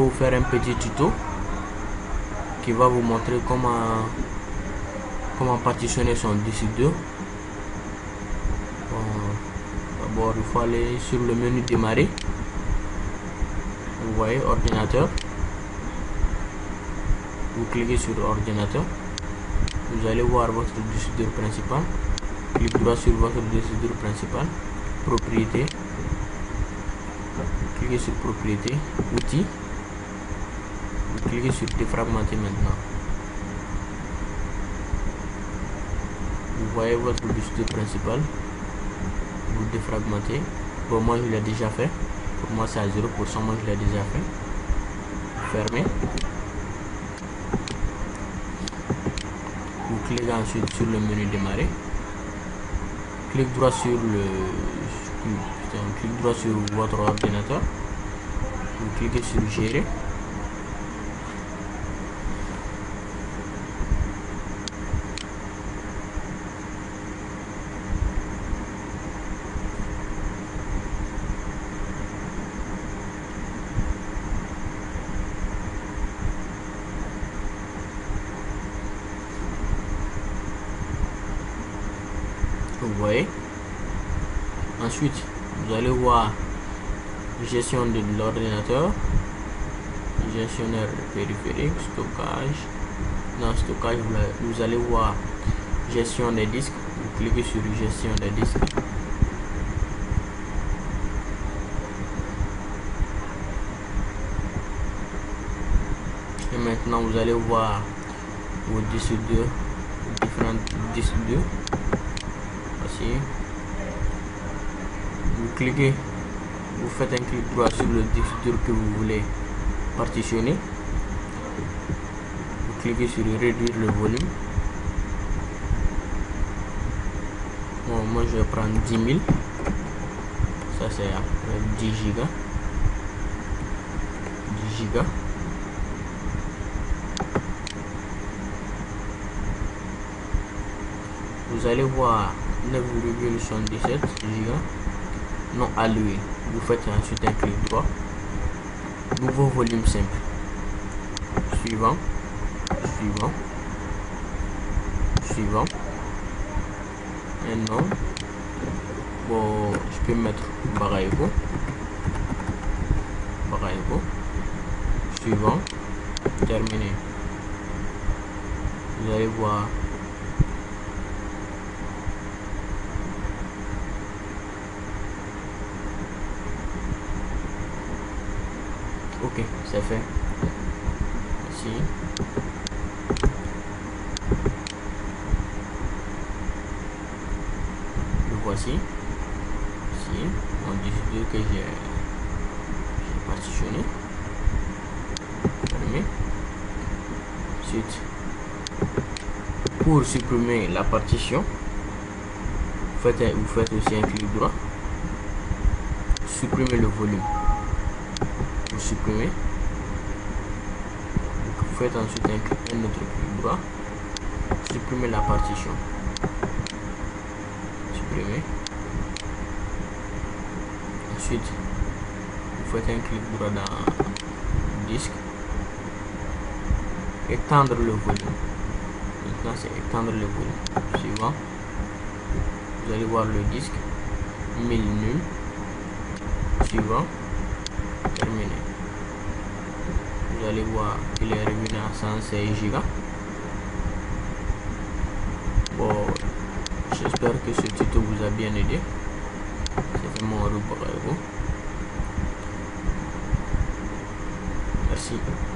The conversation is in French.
vous faire un petit tuto qui va vous montrer comment comment partitionner son disque 2 bon, d'abord il faut aller sur le menu démarrer vous voyez ordinateur vous cliquez sur ordinateur vous allez voir votre disque principal clique droit sur votre disque dur principal propriété cliquez sur propriété outils cliquez sur défragmenter maintenant. Vous voyez votre principal principal Vous défragmentez. Pour moi, je l'ai déjà fait. Pour moi, c'est à 0%. Moi, je l'ai déjà fait. Fermez. Vous cliquez ensuite sur le menu démarrer. Clique droit sur le. clique droit sur votre ordinateur. Vous cliquez sur gérer. vous voyez ensuite vous allez voir gestion de l'ordinateur gestionnaire périphérique stockage dans stockage vous, allez voir gestion des disques vous cliquez sur gestion des disques et maintenant vous allez voir vos disques de différents disques de vous cliquez vous faites un clic droit sur le disque dur que vous voulez partitionner vous cliquez sur réduire le volume bon moi je vais prendre 10 000 ça c'est 10 gigas 10 gigas vous allez voir 9,17 giga non alloué vous faites ensuite un clic droit nouveau volume simple suivant suivant suivant et non bon je peux mettre pareil vous suivant terminé vous allez voir ok c'est fait Si. le voici Si. on décide que j'ai partitionné fermé ensuite pour supprimer la partition vous faites, vous faites aussi un clic droit supprimer le volume supprimer vous faites ensuite un, un autre clic droit supprimer la partition supprimer ensuite vous faites un clic droit dans le disque étendre le volume maintenant c'est étendre le volume suivant vous allez voir le disque 1000 nul suivant terminé vous allez voir qu'il est revenu à 116 Go bon j'espère que ce tuto vous a bien aidé c'est vraiment un repos vous merci